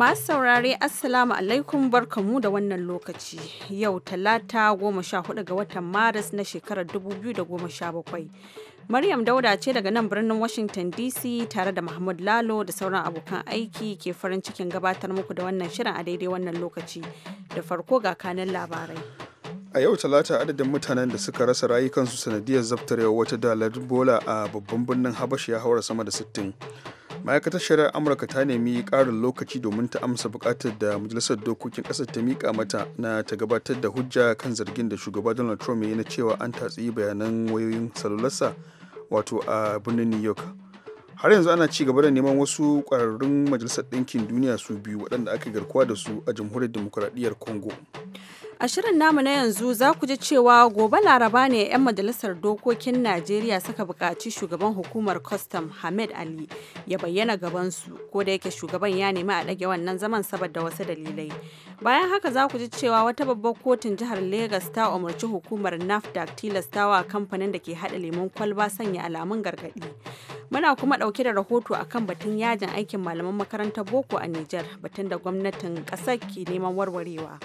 Masu saurare Assalamu alaikum barkamu da wannan lokaci. Yau talata goma sha hudu ga watan Maris na shekarar 2017. Maryam Dauda ce daga nan birnin Washington DC tare da Mahmud Lalo da sauran abokan aiki ke farin cikin gabatar muku da wannan shirin a daidai wannan lokaci. Da farko ga kanan labarai. A yau talata adadin mutanen da suka rasa rayukansu sanadiyar yau wata dalar bola a babban birnin Habasha ya haura sama da sittin. ma'aikatar shari'ar amurka ta nemi ƙarin lokaci domin ta amsa buƙatar da majalisar dokokin ƙasar ta miƙa mata na ta gabatar da hujja kan zargin da shugaba donald trump ya na cewa an tatsi bayanan wayoyin salularsa wato a birnin new york har yanzu ana ci gaba da neman wasu ƙwararrun majalisar ɗinkin duniya su biyu waɗanda aka garkuwa da su a jamhuriyar demokuraɗiyyar congo A shirin namu na yanzu za ku ji cewa gobe laraba ne 'yan majalisar dokokin Najeriya suka bukaci shugaban hukumar kwastam Hamid Ali ya bayyana gabansu ko da yake shugaban ya nemi a ɗage wannan zaman saboda wasu dalilai. Bayan haka za ku ji cewa wata babbar kotun jihar Legas ta umarci hukumar NAFDAC tilastawa kamfanin da ke haɗa lemon kwalba sanya alamun gargaɗi. Muna kuma ɗauke da rahoto a kan batun yajin aikin malaman makarantar boko a Nijar, batun da gwamnatin ƙasar ke neman warwarewa.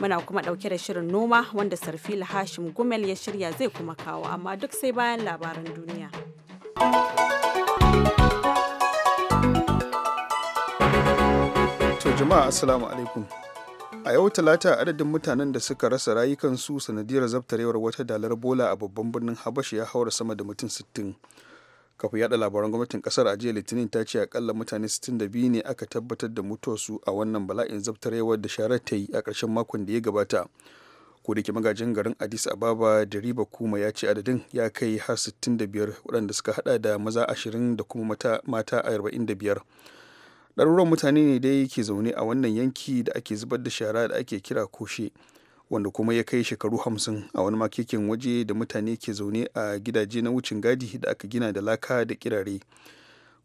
Muna kuma ɗauke da shirin noma wanda Sarfila Hashim Gumel ya shirya zai kuma kawo, amma duk sai bayan labaran duniya. To jama'a Assalamu alaikum. A yau talata adadin mutanen da suka rasa rayukansu sanadiyar zabtarewar wata dalar bola a babban birnin Habashi ya haura sama da mutum sittin. kafa yada labaran gwamnatin kasar a jiya litinin ta ce akalla mutane 62 ne aka tabbatar da mutuwarsu a wannan bala'in yawar da sharar ta yi a ƙarshen makon da ya gabata ko da ke magajin garin addis ababa da riba kuma ya ce adadin ya kai har 65 waɗanda suka hada da maza 20 da kuma mata, mata 45 ɗaruruwan mutane ne dai ke zaune a wannan yanki da ake zubar da shara da ake kira koshe wanda kuma ya kai shekaru hamsin a wani makekin waje da mutane ke zaune a gidaje na wucin gadi da aka gina da laka da kirare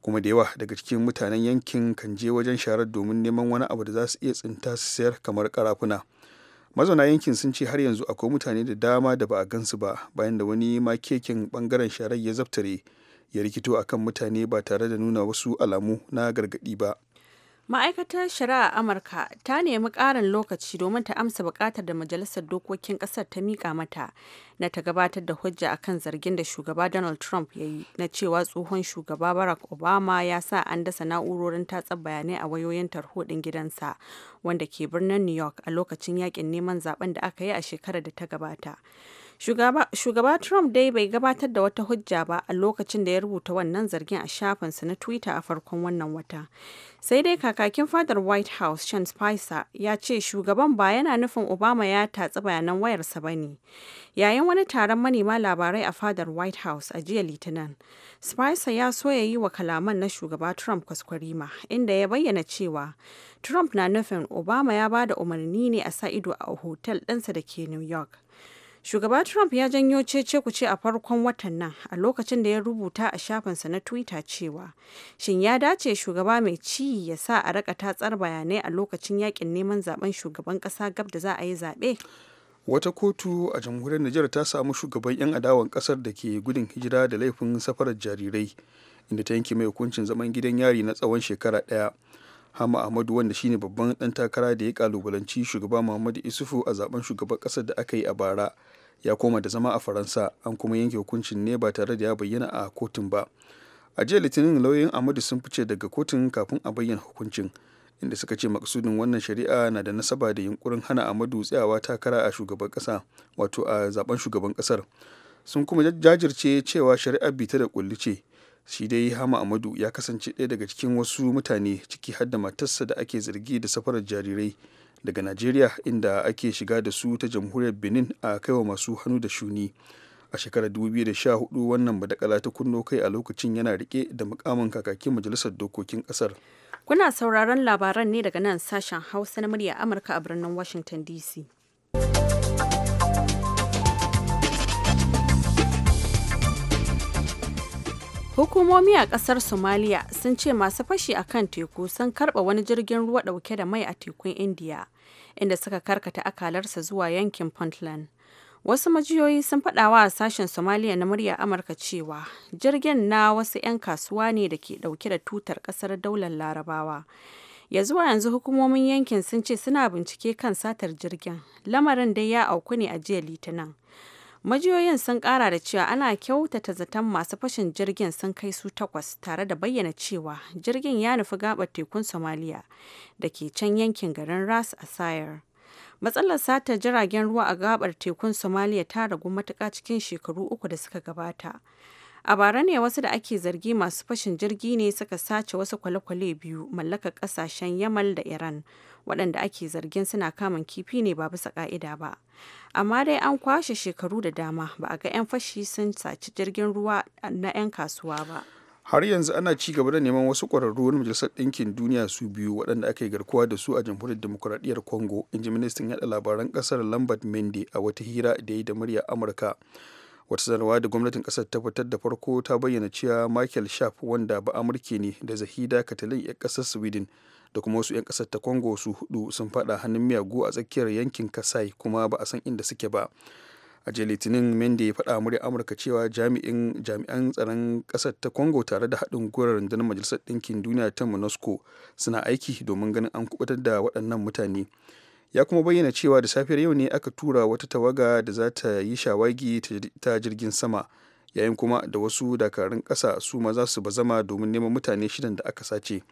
kuma da yawa daga cikin mutanen yankin kan je wajen sharar domin neman wani abu da za su iya tsinta su sayar kamar karafuna mazauna yankin sun ce har yanzu akwai mutane da dama da ba a gansu ba bayan da wani makekin bangaren sharar ya zaftare ya rikito akan mutane ba tare da nuna wasu alamu na gargadi ba Ma'aikatar Shari'a Amurka ta nemi ƙarin lokaci domin ta amsa buƙatar da Majalisar Dokokin ƙasar ta miƙa mata na ta gabatar da hujja a kan zargin da shugaba Donald Trump ya yi na cewa tsohon shugaba Barack Obama ya sa an dasa na'urorin tatsar bayanai a wayoyin tarhoɗin ɗin gidansa wanda ke birnin New York a lokacin yaƙin neman zaben da aka yi a shekarar da ta gabata. Shugaba Trump dai bai gabatar da wata hujja ba a lokacin da ya rubuta wannan zargin a shafinsa na Twitter a farkon wannan wata. Sai dai kakakin fadar White House Sean Spicer ya ce shugaban ba yana nufin Obama ya tatsi bayanan wayarsa ba ne. Yayin wani taron manema labarai a fadar White House a jiya Litinin, Spicer ya so ya yi wa kalaman na shugaba Trump kwaskwarima, inda ya bayyana cewa Trump na nufin Obama ya ba da umarni ne a sa ido a hotel ɗinsa da ke New York. Shugaba Trump ya janyo cece ce a farkon watan nan a lokacin da ya rubuta a shafinsa na Twitter cewa shin ya dace shugaba mai ci ya sa a raka tatsar bayanai a lokacin yakin neman zaben shugaban kasa gab da za a yi zaɓe? Wata kotu a jamhuriyar Nijar ta samu shugaban 'yan adawan kasar da ke gudun hijira da laifin safarar jarirai inda ta yanke mai hukuncin zaman gidan yari na tsawon shekara ɗaya. hama ahmadu wanda shine babban dan takara da ya kalubalanci shugaba muhammadu isufu a zaben shugaban kasar da aka yi a bara ya koma da zama a faransa an kuma yanke hukuncin ne ba tare da ya bayyana a kotun ba a jiya litinin lauyoyin ahmadu sun fice daga kotun kafin a bayyana hukuncin inda suka ce maksudin wannan shari'a na da nasaba da yunkurin hana ahmadu tsayawa takara a shugaban kasa wato a zaben shugaban kasar sun kuma jajirce cewa shari'ar bita da kulli ce shi dai hama amadu ya kasance ɗaya daga cikin wasu mutane ciki har da matarsa da ake zargi da safarar jarirai daga najeriya inda ake shiga da su ta jamhuriyar benin a kaiwa masu hannu da shuni a shekarar 2014 wannan badakala ta kunno kai a lokacin yana rike da mukamin kakakin majalisar dokokin kasar kuna sauraron labaran ne daga nan sashen hausa na murya amurka a birnin washington dc Hukumomi a kasar Somalia sun ce masu fashi a kan teku sun karba wani jirgin ruwa dauke da mai a tekun India, inda suka karkata akalarsa zuwa yankin Puntland. Wasu majiyoyi sun faɗawa a sashen Somalia na murya Amurka cewa jirgin na wasu 'yan kasuwa ne da ke dauke da tutar kasar daular Larabawa. Ya zuwa yanzu hukumomin yankin sun ce suna bincike kan satar jirgin. Lamarin dai ya auku ne a jiya Litinin. Majiyoyin sun kara da cewa ana kyautata zaton masu fashin jirgin sun kai su takwas tare da bayyana cewa jirgin ya nufi gabar tekun Somalia da ke can yankin garin Ras Asayar. Matsalar satar jiragen ruwa a gabar tekun Somalia ta ragu matuka cikin shekaru uku da suka gabata, A bara ne wasu da ake zargi masu fashin jirgi ne suka sace wasu kwale-kwale biyu mallaka kasashen Yamal da Iran, waɗanda ake zargin suna kamun kifi ne ba bisa ƙa'ida ba. Amma dai an kwashe shekaru da dama ba a ga 'yan fashi sun saci jirgin ruwa na 'yan kasuwa ba. Har yanzu ana ci gaba da neman wasu ƙwararru na Majalisar Ɗinkin Duniya su biyu waɗanda aka yi garkuwa da su a Jamhuriyar Demokuraɗiyyar Congo, in ministan yaɗa labaran ƙasar Lambert Mende a wata hira da ya yi da muryar Amurka. wata sanarwa da gwamnatin kasar ta fitar da farko ta bayyana cewa michael sharp wanda ba amurke ne da zahida katalin 'yan kasar sweden da kuma wasu 'yan kasar ta congo su hudu sun fada hannun miyagu a tsakiyar yankin kasai kuma ba a san inda suke ba a jiya litinin mende ya faɗa murya amurka cewa jami'in jami'an tsaron ƙasar ta congo tare da haɗin gwiwar rundunar majalisar ɗinkin duniya ta monusco suna aiki domin ganin an kubutar da waɗannan mutane ya kuma bayyana cewa da safiyar yau ne aka tura wata tawaga da za ta yi shawagi ta jirgin sama yayin kuma da wasu dakarun ƙasa su ma za su bazama domin neman mutane shidan da aka sace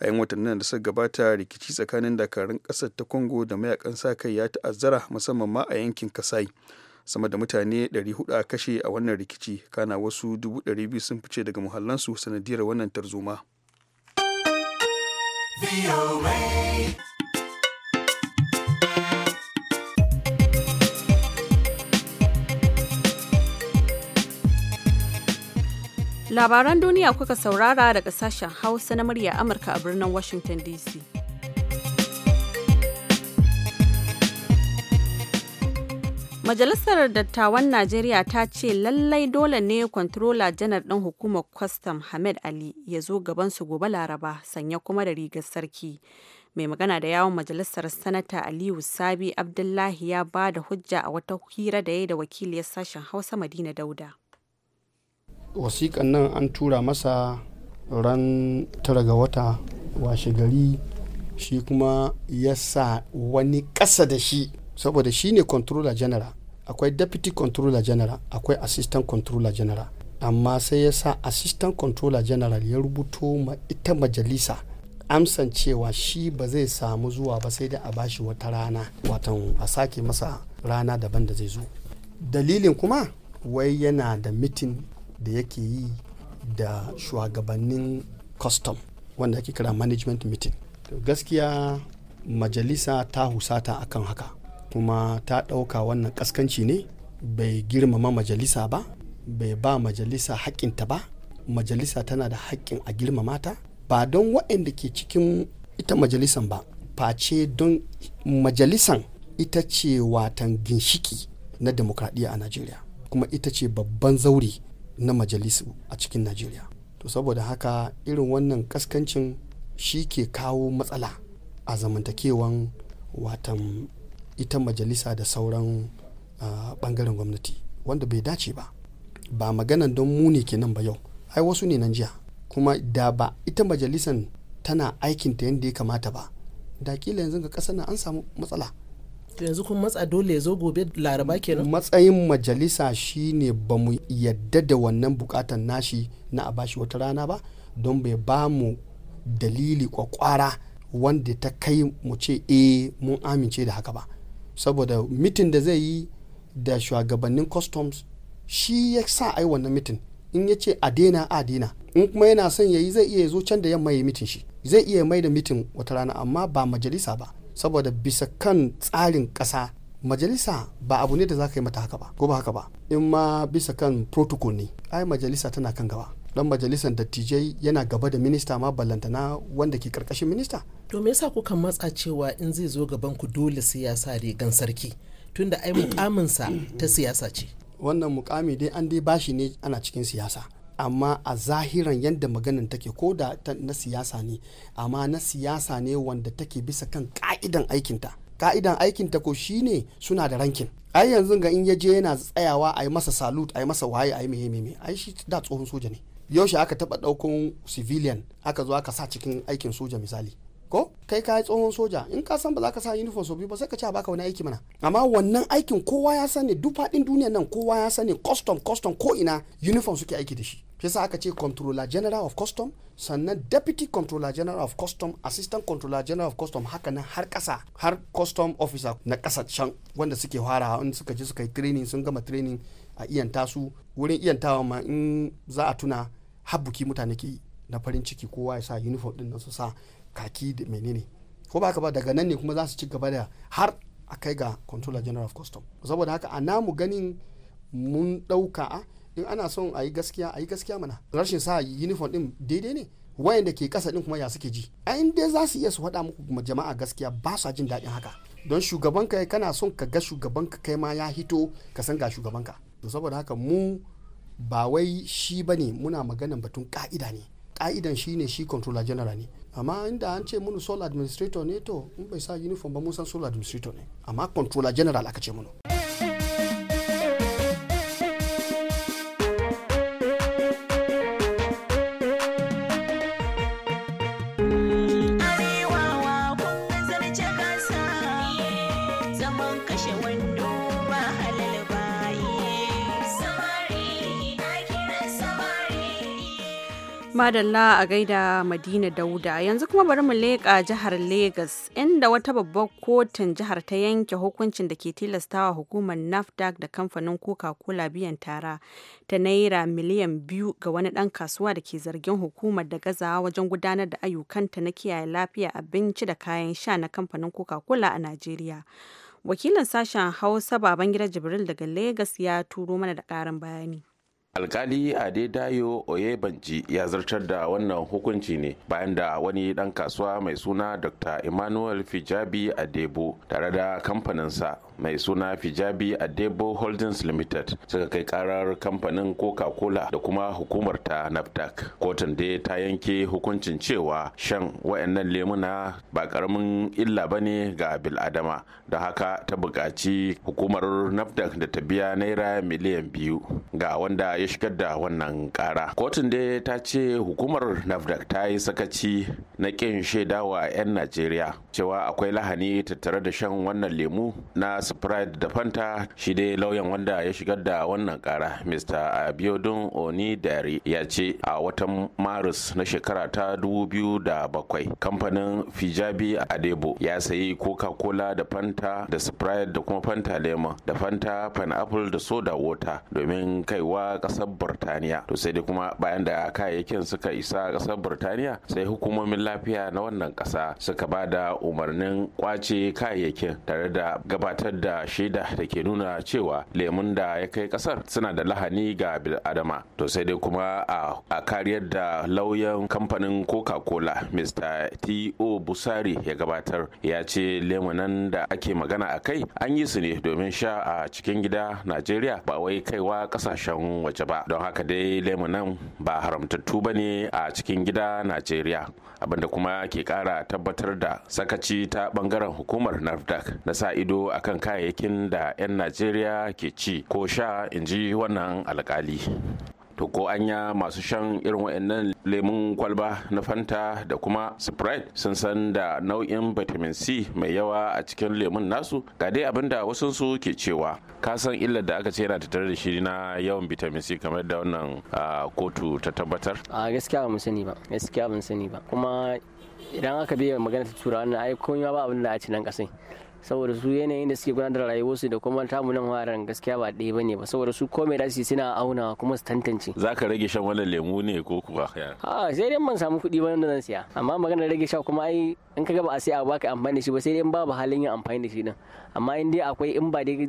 a yan watannin da suka gabata rikici tsakanin dakarun ƙasar ta congo da mayakan sa kai ya ta'azzara musamman ma a yankin kasai sama da mutane 400 a kashe a wannan rikici kana wasu 200 sun fice daga muhallansu sanadiyar wannan tarzoma. Labaran duniya kuka saurara daga sashen Hausa na murya Amurka a birnin Washington DC. Majalisar Dattawan Najeriya ta ce lallai dole ne kwantrola janar ɗin hukumar kwastam Hamed Ali ya zo gaban su gobe Laraba sanya kuma da rigar sarki. Mai magana da yawon majalisar Sanata Aliyu Sabi Abdullahi ya ba da hujja a wata hira da ya da wakiliyar sashen Hausa Madina Dauda. wasiƙan nan an tura masa ran tara ga wata washe gari shi kuma ya sa wani ƙasa da shi saboda shi ne controller general akwai deputy controller general akwai assistant controller general amma sai ya sa assistant controller general ya rubuto ma ita majalisa amsan cewa shi ba zai samu zuwa ba sai da a bashi wata rana watan a sake masa rana daban da zai zo dalilin kuma wai yana da mitin da yake yi da shugabannin custom wanda ake kira management meeting to gaskiya majalisa ta husata akan haka kuma ta ɗauka wannan ƙaskanci ne bai girmama majalisa ba bai ba majalisa haƙƙinta ba majalisa tana da haƙƙin a girmama ta ba don waɗanda ke cikin ita majalisan ba face don majalisan ita ce watan ginshiki na demokradiyya a najeriya kuma ita ce babban zauri. na majalisu a cikin najeriya to saboda haka irin wannan kaskancin shi ke kawo matsala a zamantakewan watan ita majalisa da sauran bangaren gwamnati wanda bai dace ba ba maganan don mu ne kenan ba yau ai wasu ne nan jiya kuma da ba ita majalisan tana aikinta yadda ya kamata ba da kila yanzu ga kasa na an samu matsala yanzu kun matsa dole ya zo gobe laraba kenan matsayin majalisa shine ba mu yadda da wannan bukatan nashi na a bashi wata rana ba don bai ba mu dalili kwakwara wanda ta kai mu ce eh mun amince da haka ba saboda mitin da zai yi da shugabannin customs shi ya sa ai wannan mitin in ya ce a daina a daina in kuma yana son ya yi zai iya zo can da yamma ya mitin shi zai iya mai da mitin wata rana amma ba majalisa ba saboda bisa kan tsarin ƙasa majalisa ba abu ne da za ka yi mata haka ba ko ba haka ba in ma bisa kan protocol ne ai majalisa tana kan gaba dan majalisar dattijai yana gaba da minista ma ballantana wanda ke karkashin minista to me yasa kuka matsa cewa in zai zo gaban ku dole sai ya sa rigan sarki tunda ai sa ta siyasa ce wannan mukami dai an dai bashi ne ana cikin siyasa amma a zahiran yadda maganin take ko da na siyasa ne amma na siyasa ne wanda take bisa kan ka'idan aikinta ka'idan aikinta ko shine suna da rankin ai yanzu ga in ya je yana tsayawa a yi masa salut a yi masa waye a yi meye meye ai shi da tsohon soja ne yaushe aka taba daukan civilian aka zo aka sa cikin aikin soja misali ko kai ka yi tsohon soja in ka san ba za ka sa uniform so biyu ba sai ka ce baka wani aiki mana amma wannan aikin kowa ya sani duk faɗin duniyan nan kowa ya sani custom custom ko ina uniform suke aiki da shi shi yasa aka ce controller general of custom sannan deputy controller general of custom assistant controller general of custom haka nan har kasa har custom officer na kasashen wanda suke fara in suka je suka yi training sun gama training a iyan su wurin iyantawa ma in za a tuna habbuki mutane ke na farin ciki kowa ya sa uniform din nan su sa kaki da menene ko ba ka ba daga nan ne kuma za su ci gaba da har a kai ga controller general of custom saboda haka a namu ganin mun ɗauka in ana son a yi gaskiya a yi gaskiya mana rashin sa uniform din daidai ne wayanda ke kasa din kuma ya suke ji a dai za su iya su faɗa muku jama'a gaskiya ba sa jin daɗin haka don shugabanka kana son ka ga shugaban ka kai ma ya hito ka san ga shugabanka to saboda haka mu ba wai shi bane muna maganan batun ka'ida ne ka'idan shi ne shi controller general ne amma inda an ce munu sole administrator ne to in bai sa uniform ba mun san sole administrator ne amma controller general aka ce munu Madalla a gaida Madina Dauda yanzu kuma bari mu leƙa jihar Legas inda wata babbar kotun jihar ta yanke hukuncin da ke tilastawa hukumar NAFDAC da kamfanin Coca-Cola biyan tara ta naira miliyan biyu ga wani ɗan kasuwa da ke zargin hukumar da gazawa wajen gudanar da ayyukanta na kiyaye lafiya abinci da kayan sha na kamfanin Coca-Cola a Najeriya. Wakilin sashen Hausa Babangida Jibril daga Legas ya turo mana da ƙarin bayani. alkali adedayo oyebanji ya zartar da wannan hukunci ne bayan da wani dan kasuwa mai suna dr emmanuel fijabi adebo tare da kamfaninsa mai suna fijabi adebo holdings limited suka kai karar kamfanin coca-cola da kuma hukumar ta nafdac kotun da ta yanke hukuncin cewa shan wayannan lemuna ba karamin illa ba ne ga biladama da haka ta buƙaci hukumar nafdac da ta biya naira miliyan biyu ga wanda ya shigar da wannan kara kotun dai ta ce hukumar nafdac ta yi sakaci na kin shaida wa 'yan najeriya cewa akwai lahani tattare da shan wannan lemu na sprite da fanta shi dai lauyan wanda ya shigar da wannan kara mr abiodun oni dari ya ce a watan maris na shekara ta da bakwai kamfanin fijabi adebo ya sayi coca-cola da fanta da sprite da kuma fanta lemon da fanta pineapple da soda water domin kaiwa kasar burtaniya to sai dai kuma bayan da kayayyakin suka isa kasar birtaniya sai hukumomin lafiya na wannan kasa suka ba da umarnin kwace kayayyakin tare da gabatar da shaida da ke nuna cewa lemun da ya kai kasar suna da lahani ga bil'adama to sai dai kuma a kariyar da lauyan kamfanin coca-cola mr t.o busari ya gabatar ya ce lemunan da ake magana a kai an yi su ne domin sha a cikin gida najeriya ba wai kaiwa kasashen waje ta ba don haka dai lemunan ba haramtattu ba ne a cikin gida najeriya abinda kuma ke kara tabbatar da sakaci ta bangaren hukumar nafdac na sa ido akan kayayyakin da 'yan najeriya ke ci ko sha in ji wannan alkali to ko anya masu shan irin waɗannan lemun kwalba na fanta da kuma sprite sun san da nau'in vitamin c mai yawa a cikin lemun nasu ga dai abin da wasu su ke cewa ka san illar da aka ce yana tattare da shi na yawan vitamin c kamar da wannan kotu ta tabbatar a gaskiya ba mu sani ba gaskiya ban sani ba kuma idan aka biya magana ta turawa na ai komai ba abin da a ci nan kasai saboda su yanayin da suke gudanar da rayuwarsu da kuma tamu nan waran gaskiya ba ɗaya bane ba saboda su komai da su suna auna kuma su tantance za ka rage shan wannan lemu ne ko kuwa a sai dai ban samu kuɗi ba nan da zan siya amma maganar rage sha kuma ai in ka ga ba a sai a baka amfani da shi ba sai dai in babu halin yin amfani da shi din amma in dai akwai in ba dai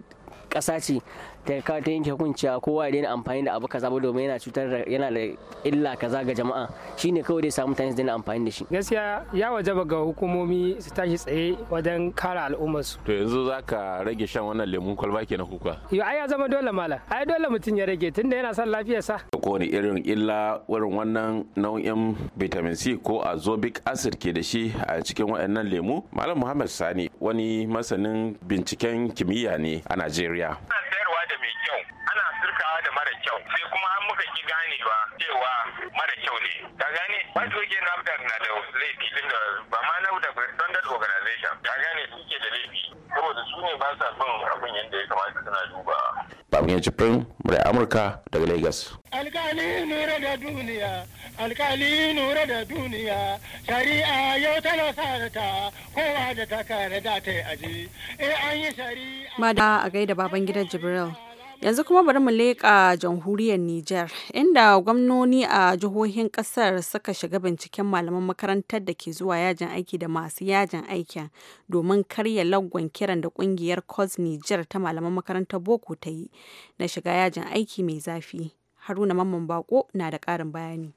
ƙasa ce ka ta yanke hukunci kowa ya daina amfani da abu kaza ba domin yana cutar da yana da illa kaza ga jama'a shine kawai dai samu mutane daina amfani da shi gaskiya ya wajaba ga hukumomi su tashi tsaye wajen kare al'umma su to yanzu zaka rage shan wannan lemun kwalba kenan kuka yo ai ya zama dole mala ai dole mutum ya rage tunda yana son ko ne irin illa wurin wannan nau'in vitamin C ko azobic acid ke da shi a cikin waɗannan lemu malam muhammad sani wani masanin binciken kimiyya ne a najeriya da mai kyau ana sirkawa da mara kyau sai kuma an muka ki ganewa cewa mara kyau ne ka gane wato ke na da laifi din da ba ma na da standard organization ka gane suke da laifi saboda su ne ba sa bin abin yadda ya kamata suna duba babban mu murai amurka daga lagos alkali nuna da duniya alkali nura da duniya shari'a yau tana sarata kowa da ta kare da ta yi aji eh an yi shari'a ma da a gaida baban gidan jibril yanzu kuma bari mu leƙa jamhuriyar Nijar inda gwamnoni a jihohin ƙasar suka shiga binciken malaman makarantar da ke zuwa yajin aiki da masu yajin aikin domin karya lagwan kiran da ƙungiyar COS Nijar ta malaman makarantar boko ta yi na shiga yajin aiki mai zafi. Haruna Mamman Bako na da ƙarin bayani.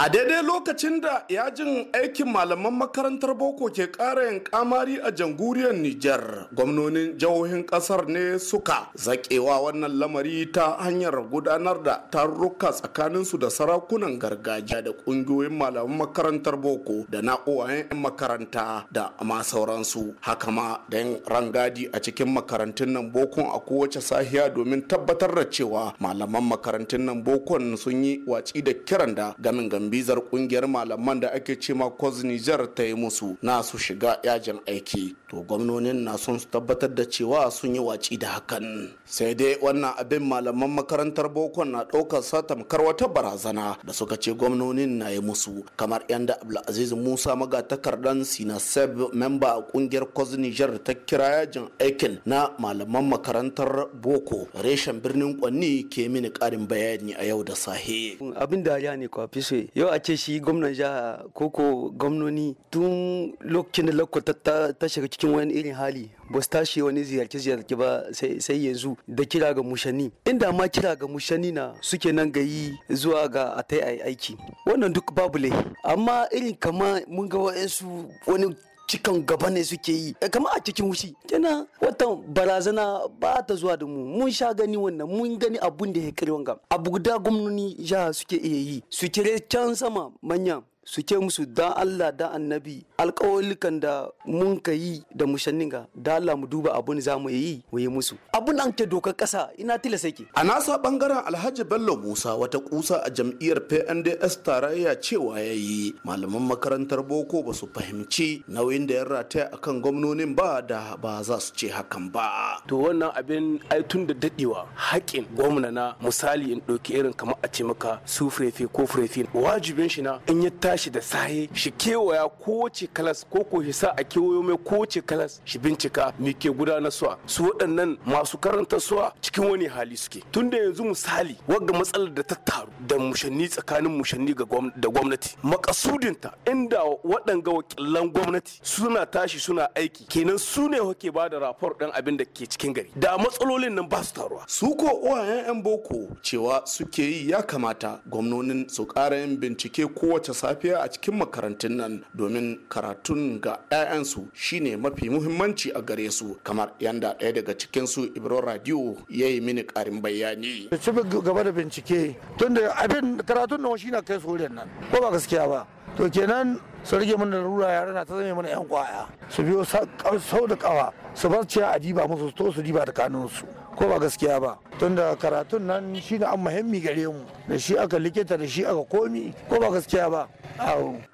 a daidai lokacin da yajin aikin malaman makarantar boko ke ƙara yin kamari a janguriyar nijar gwamnonin jihohin ƙasar ne suka Zakewa wannan lamari ta hanyar gudanar da tarurruka tsakaninsu da sarakunan gargajiya da ƙungiyoyin malaman makarantar boko da na uwayen makaranta da ma sauransu haka ma da yin rangadi a cikin makarantun nan bokon a kowace sahiya domin tabbatar da cewa malaman makarantun nan bokon sun yi watsi da kiran da gamin gamin bizar kungiyar malaman da ake cema cos niger ta yi musu na su shiga yajin aiki to gwamnonin na son tabbatar da cewa sun yi waci da hakan sai dai wannan abin malaman makarantar boko na ɗaukar sa tamkar wata barazana da suka ce gwamnonin na yi musu kamar yan da abdulaziz musa magatakardan sina seb memba a kungiyar kwaz niger ta kira yajin aikin na malaman makarantar boko reshen birnin kwanni ke mini karin bayani a yau da sahe abin dariya ne kwafi sai yau a ce shi gwamnan jiha koko gwamnoni tun lokacin da lokacin ta shiga cikin wani irin hali ba su tashi wani ziyarci-ziyarci ba sai yanzu da kira ga mushani inda ma kira ga mushani na suke nan ga yi zuwa ga a tai aiki wannan duk babu lai amma irin kama mun ga wa'yansu wani cikan gaba ne suke yi eh, kamar a cikin wushi kenan watan barazana ba ta zuwa da mu mun sha gani wannan mun gani abun da ya kare wanga abu guda gwamnoni jiha suke iya yi su kire can sama manyan suke musu dan Allah da annabi alƙawalikan da mun ka yi da mushanninga da Allah mu duba abun za mu yi wa yi musu abun an ke dokar ƙasa ina sai ke a nasa bangaren Alhaji Bello Musa wata kusa a jam'iyyar PNDS tarayya cewa yayi malaman makarantar boko ba su fahimci nauyin da ya rataya akan gwamnonin ba da ba za su ce hakan ba to wannan abin ai tun da dadewa haƙin gwamna na misali in ɗauki irin kamar a ce maka su ko furefe wajibin shi na in ya tashi da saye shi kewaya kowace kalas ko ko shi sa a kewayo mai kowace kalas shi bincika me ke gudanar suwa su waɗannan masu karanta suwa cikin wani hali suke tun da yanzu misali wagga matsalar da ta taru da mushanni tsakanin mushanni da gwamnati makasudinta inda waɗanga wakilan gwamnati suna tashi suna aiki kenan su ne hoke ba da rapor ɗin abin da ke cikin gari da matsalolin nan ba su taruwa su ko uwayen yan boko cewa suke yi ya kamata gwamnonin su ƙara yin bincike kowace safe lafiya a cikin makarantun nan domin karatun ga 'ya'yansu shine mafi muhimmanci a gare su kamar yanda ɗaya daga cikin su ibro radio ya yi mini karin bayani. cibin gaba da bincike tunda abin karatun nan shine kai su nan ko ba gaskiya ba to kenan su rage mana rura yara na ta zame mana yan kwaya su biyo sau da kawa su bar ciya a diba musu to su diba da kanunsu ko ba gaskiya ba tunda karatun nan shi ne an muhimmi gare mu da shi aka likita da shi aka komi ko ba gaskiya ba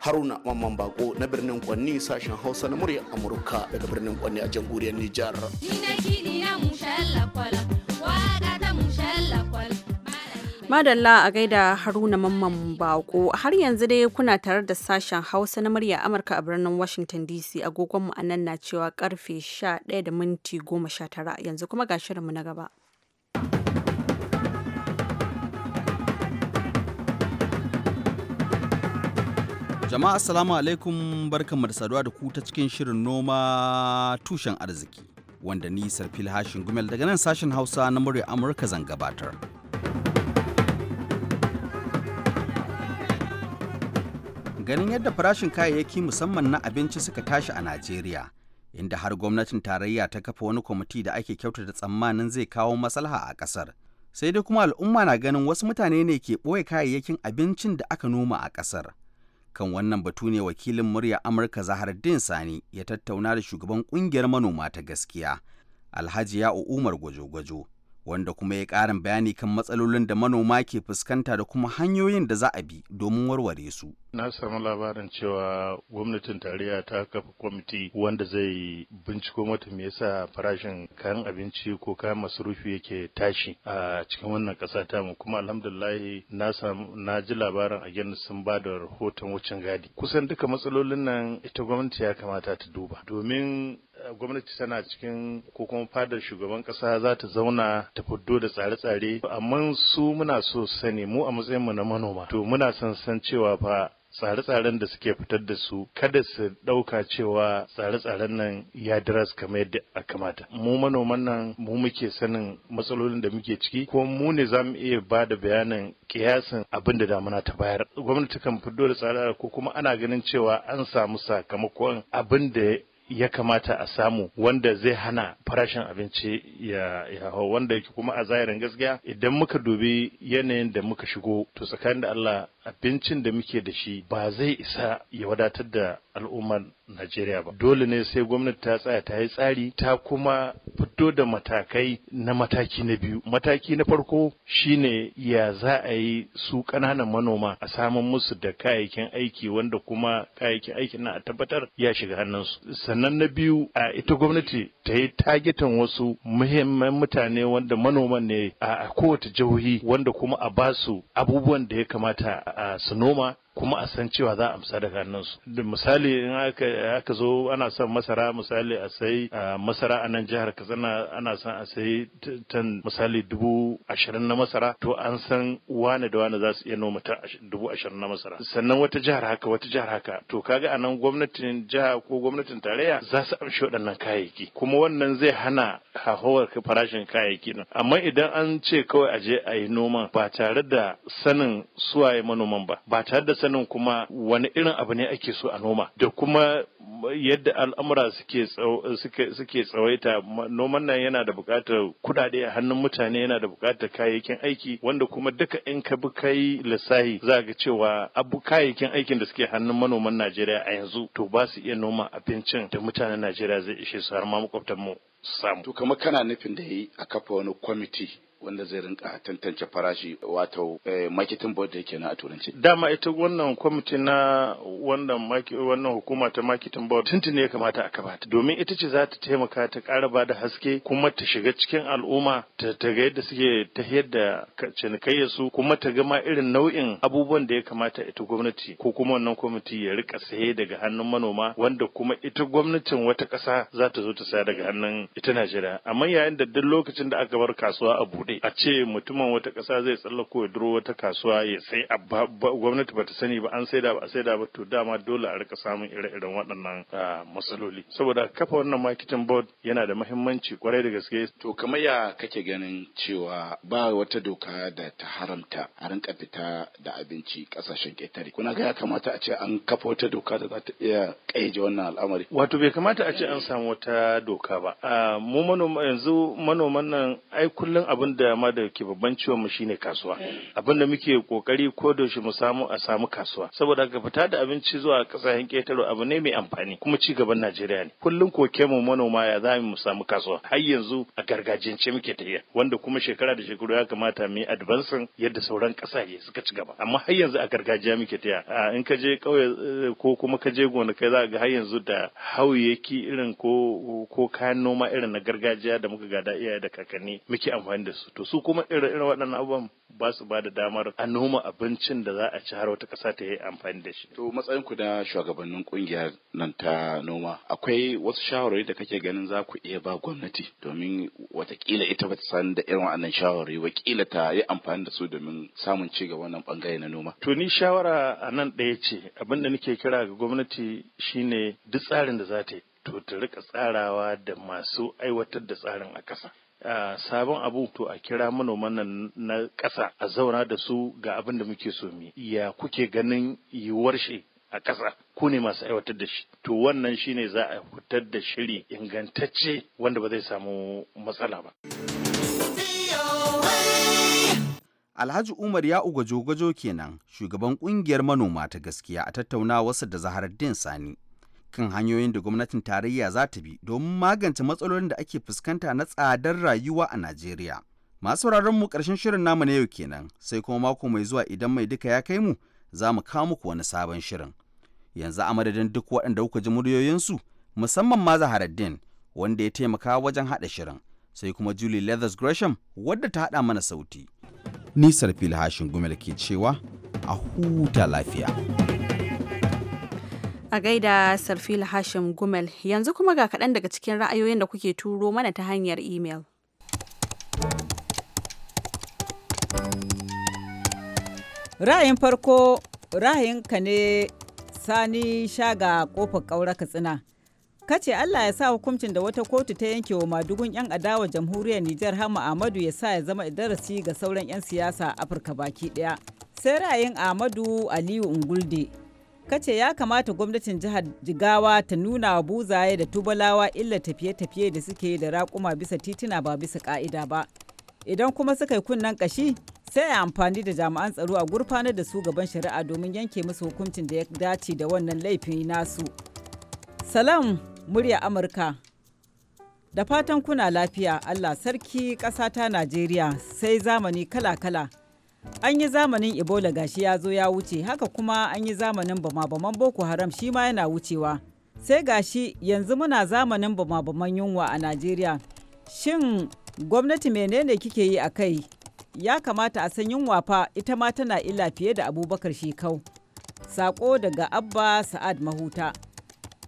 haruna mamman bako na birnin kwanni sashen hausa na murya amurka daga birnin kwanni a jamhuriyar nijar Madalla a gaida Haruna Mamman Bako har yanzu dai kuna tare da sashen Hausa na murya Amurka a birnin Washington DC agogonmu a nan na cewa karfe 11 da minti 19 yanzu kuma ga shirinmu na gaba. Jama'a assalamu alaikum barkamu da saduwa da ku ta cikin shirin noma tushen arziki wanda ni Sarfil Hashin Gumel daga nan sashen Hausa na murya Amurka zan gabatar. ganin yadda farashin kayayyaki musamman na abinci suka tashi a Najeriya, inda har gwamnatin tarayya ta kafa wani kwamiti da ake kyautata tsammanin zai kawo maslaha a ƙasar. Sai dai kuma al'umma na ganin wasu mutane ne ke ɓoye kayayyakin abincin da aka noma a ƙasar. Kan wannan batu ne wakilin murya Amurka Zahar din Sani ya tattauna da shugaban ƙungiyar manoma ta gaskiya, Alhaji Ya'u Umar Gwajo-Gwajo, wanda kuma ya ƙarin bayani kan matsalolin da manoma ke fuskanta da kuma hanyoyin da za a bi domin warware su. Na samu labarin cewa gwamnatin tarayya ta kafa kwamiti wanda zai binciko mata me yasa farashin kayan abinci ko kayan masarufi yake tashi a cikin wannan ƙasa ta mu kuma alhamdulillahi na samu na ji labarin a gani sun ba da rahoton wucin gadi. Kusan duka matsalolin nan ita gwamnati ya kamata ta duba domin gwamnati tana cikin ko kuma fadar shugaban kasa za ta zauna ta fuddo da tsare-tsare amma su muna so sani mu a matsayin mu na manoma to muna son san cewa fa tsare-tsaren da suke fitar da su kada su ɗauka cewa tsare-tsaren nan ya diras kamar yadda a kamata mu manoman nan mu muke sanin matsalolin da muke ciki ko mu ne za mu iya ba da bayanin kiyasin abin da damuna ta bayar gwamnati kan fito da tsare ko kuma ana ganin cewa an samu sakamakon abin da ya kamata a samu wanda zai hana farashin abinci ya hau wanda yake kuma a zahirin gaskiya idan muka dubi yanayin da muka shigo to tsakanin da Allah abincin da muke da shi ba zai isa ya wadatar da al'ummar Najeriya ba. Dole ne sai gwamnati ta tsaya ta yi tsari ta kuma fito da matakai na mataki na biyu. Mataki na farko shine ya za a yi su ƙananan manoma a samun musu da kayayyakin aiki wanda kuma kayayyakin aikin na a tabbatar ya shiga hannunsu. Sannan sannan na biyu a ita gwamnati ta yi tagetan wasu muhimman mutane wanda manoman ne a kowace jihohi wanda kuma a basu abubuwan da ya kamata su noma kuma a san cewa za a amsa daga hannunsu misali in aka zo ana son masara misali a sai masara a nan jihar katsina ana son a sai tan misali dubu ashirin na masara to an san wane da wane za su iya noma ta dubu ashirin na masara sannan wata jihar haka wata jihar haka to kaga a nan gwamnatin jiha ko gwamnatin tarayya za su amshi waɗannan kayayyaki kuma wannan zai hana hahowar farashin kayayyaki nan amma idan an ce kawai a je a yi noma ba tare da sanin suwaye manoman ba ba tare da sanin kuma wani irin abu ne ake so a noma da kuma yadda al'amura suke tsawaita noman nan yana da buƙatar kuɗaɗe a hannun mutane yana da buƙatar kayayyakin aiki wanda kuma duka in ka bi kai lissahi za ga cewa abu kayayyakin aikin da suke hannun manoman Najeriya a yanzu to ba su iya noma abincin da mutanen Najeriya zai ishe su har ma makwabtan mu samu. To kamar kana nufin da yi a kafa wani kwamiti wanda zai rinka tantance farashi wato eh, marketing board da yake na a turanci dama ita wannan kwamiti na wannan wannan hukuma ta marketing board tuntuni ya kamata a kamata domin ita ce za ta taimaka ta ƙara ba da haske kuma ta shiga cikin al'umma ta ga yadda suke ta yadda cinikayya su kuma ta gama irin nau'in abubuwan da ya kamata ita gwamnati ko kuma wannan kwamiti ya rika saye daga hannun manoma wanda kuma ita gwamnatin wata ƙasa za ta zo ta saya daga hannun ita Najeriya amma yayin da duk lokacin da aka bar kasuwa a buɗe kai a ce mutumin wata ƙasa zai tsallako ya duro wata kasuwa ya sai gwamnati bata sani ba an saida ba a saida ba to dama dole a rika samun ire-iren waɗannan matsaloli saboda kafa wannan marketing board yana da mahimmanci kwarai da gaske to kamar ya kake ganin cewa ba wata doka da ta haramta a rinka fita da abinci ƙasashen ƙetare kuna ga ya kamata a ce an kafa wata doka da za ta iya ƙayyade wannan al'amari wato bai kamata a ce an samu wata doka ba mu manoma yanzu manoman nan ai kullum abin da ma da ke babban ciwon mu shine kasuwa abin da muke kokari ko da shi mu samu a samu kasuwa saboda ka fita da abinci zuwa kasashen ketaro abu ne mai amfani kuma ci gaban Najeriya ne kullum koke mu manoma ya za mu samu kasuwa har yanzu a gargajiyance muke tafiya wanda kuma shekara da shekaru ya kamata mu yi yadda sauran kasashe suka ci gaba amma har yanzu a gargajiya muke tafiya in ka je kauye eh, ko kuma ka je gonakai za ga har yanzu da hauyaki irin ko ko kayan noma irin na gargajiya da muka gada iyaye da kakanni muke amfani da su to su kuma irin irin waɗannan abubuwan ba su ba da damar a noma abincin da za a ci har wata ƙasa ta yi amfani da shi. To matsayin ku na shugabannin ƙungiyar nan ta noma akwai wasu shawarwari da kake ganin za ku iya ba gwamnati domin watakila ita ba ta san da irin waɗannan shawarwari wakila ta yi amfani da su domin samun ci gaba wannan bangare na noma. To ni shawara a nan ɗaya ce abin da nake kira ga gwamnati shine duk tsarin da za ta yi to ta riƙa tsarawa da masu aiwatar da tsarin a ƙasa. sabon abu to a kira manoman nan na ƙasa a zauna da su ga abin da muke so mu ya kuke ganin yiwuwar shi a ƙasa ku ne masu aiwatar da shi to wannan shine za a fitar da shiri ingantacce wanda ba zai samu matsala ba Alhaji Umar ya uga gwajo-gwajo kenan shugaban kungiyar manoma ta gaskiya a tattaunawarsa da din Sani kan hanyoyin da gwamnatin tarayya za ta bi domin magance matsalolin da ake fuskanta na tsadar rayuwa a Najeriya. Masu mu ƙarshen shirin namu na yau kenan, sai kuma mako mai zuwa idan mai duka ya kai mu, za mu kawo muku wani sabon shirin. Yanzu a madadin duk waɗanda kuka ji muryoyinsu, musamman ma Zaharaddin, wanda ya taimaka wajen haɗa shirin, sai kuma Julie Leathers Gresham, wadda ta haɗa mana sauti. Nisar Filhashin Gumel ke cewa, a huta lafiya. A gaida Sarfila Hashim Gumel, yanzu kuma ga kaɗan daga cikin ra'ayoyin da kuke turo mana ta hanyar imel. Ra'ayin farko ra'ayinka ne sani shaga ƙofar ƙaura katsina. Kace Allah ya sa hukuncin da wata kotu ta yanke wa madugun 'yan adawa jamhuriyar Nijar Hama Ahmadu ya sa ya zama darasi ga sauran 'yan siyasa Afirka baki ɗaya. Sai ra'ayin Ahmadu Aliyu Ungulde. kace ya kamata gwamnatin jihar jigawa ta nuna wa buzaye da tubalawa illa tafiye-tafiye da suke da raƙuma bisa tituna ba bisa ƙa'ida ba idan kuma suka yi kunnen ƙashi sai a amfani da jami'an tsaro a gurfanar da su gaban shari'a domin yanke musu hukuncin da ya dace da wannan laifin nasu salam murya amurka da fatan kuna lafiya allah sarki ƙasa ta najeriya sai zamani kala-kala an yi zamanin ebola gashi ya zo ya wuce haka kuma an yi zamanin bama-baman boko haram shi ma yana wucewa sai gashi yanzu muna zamanin bama-baman yunwa a najeriya shin gwamnati menene kike yi a kai ya kamata a san yunwa fa ita ma tana illa fiye da abubakar shekau sako daga abba sa'ad mahuta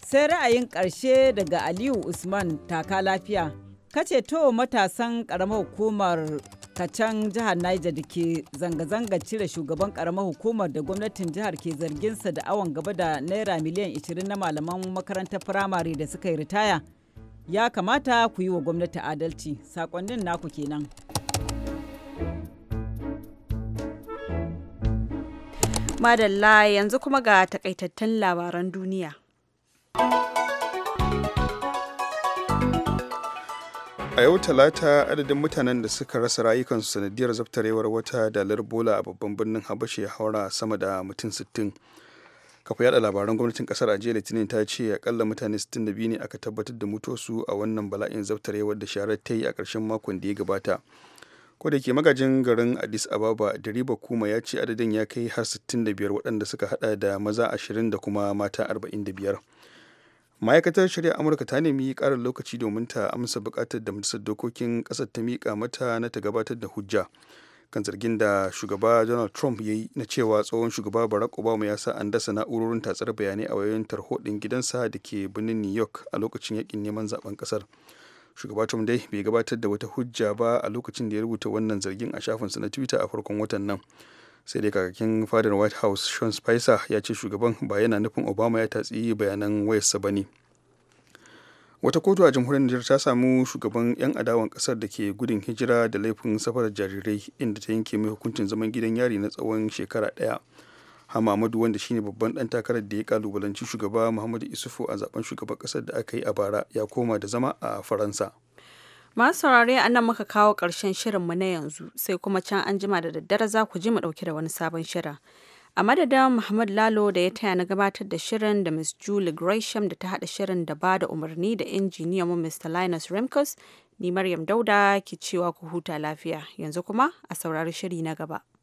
sai ra'ayin ƙarshe daga aliyu usman taka lafiya kace to matasan ƙaramar hukumar kacan jihar Niger da ke zanga zanga cire shugaban karamar hukumar da gwamnatin jihar ke zarginsa da awon gaba da naira miliyan 20 na malaman makarantar firamare da suka yi ritaya ya kamata ku yi wa gwamnati adalci sakonnin naku kenan. Madalla yanzu kuma ga takaitattun labaran duniya. a yau talata adadin mutanen da suka rasa rayukansu sanadiyar zaftarewar wata dalar bola a babban birnin habasha ya haura sama da mutum 60 kafa yada labaran gwamnatin kasar a litinin ta ce akalla mutane 62 ne aka tabbatar da mutuwarsu a wannan bala'in zaftarewar da sharar ta yi a ƙarshen makon da ya gabata ko da ke magajin garin addis ababa diriba kuma ya ce adadin ya kai har 65 waɗanda suka hada da maza 20 da kuma mata 45 ma'aikatar shari'a amurka ta nemi ƙarin lokaci domin ta amsa buƙatar da majalisar dokokin ƙasar ta miƙa mata na ta gabatar da hujja kan zargin da shugaba donald trump ya yi na cewa tsohon shugaba barack obama ya sa an dasa na'urorin tatsar bayanai a wayoyin tarhoɗin gidansa da ke birnin new york a lokacin yaƙin neman zaben ƙasar shugaba trump dai bai gabatar da wata hujja ba a lokacin da ya rubuta wannan zargin a shafinsa na twitter a farkon watan nan sai dai kakakin fadar white house sean spicer ya ce shugaban ba yana nufin obama ya tatsi bayanan wayarsa ba ne wata kotu a jamhuriyar nijar ta samu shugaban 'yan adawan kasar da ke gudun hijira da laifin safarar jarirai inda ta yanke mai hukuncin zaman gidan yari na tsawon shekara ɗaya hamamadu wanda shine babban dan takarar da ya kalubalanci shugaba muhammadu isufu a zaben shugaban kasar da aka yi a bara ya koma da zama a faransa Masu saurare a nan muka kawo ƙarshen shirinmu na yanzu sai kuma can an jima da daddare za ku ji mu ɗauki da wani sabon shirin. A madadin Muhammad Lalo da ya taya na gabatar da shirin da Miss Julie Gresham da ta haɗa shirin da ba da umarni da injiniyan mu Mr. Linus Remkos, ni Maryam Dauda ke cewa ku huta lafiya yanzu kuma a saurari shiri na gaba.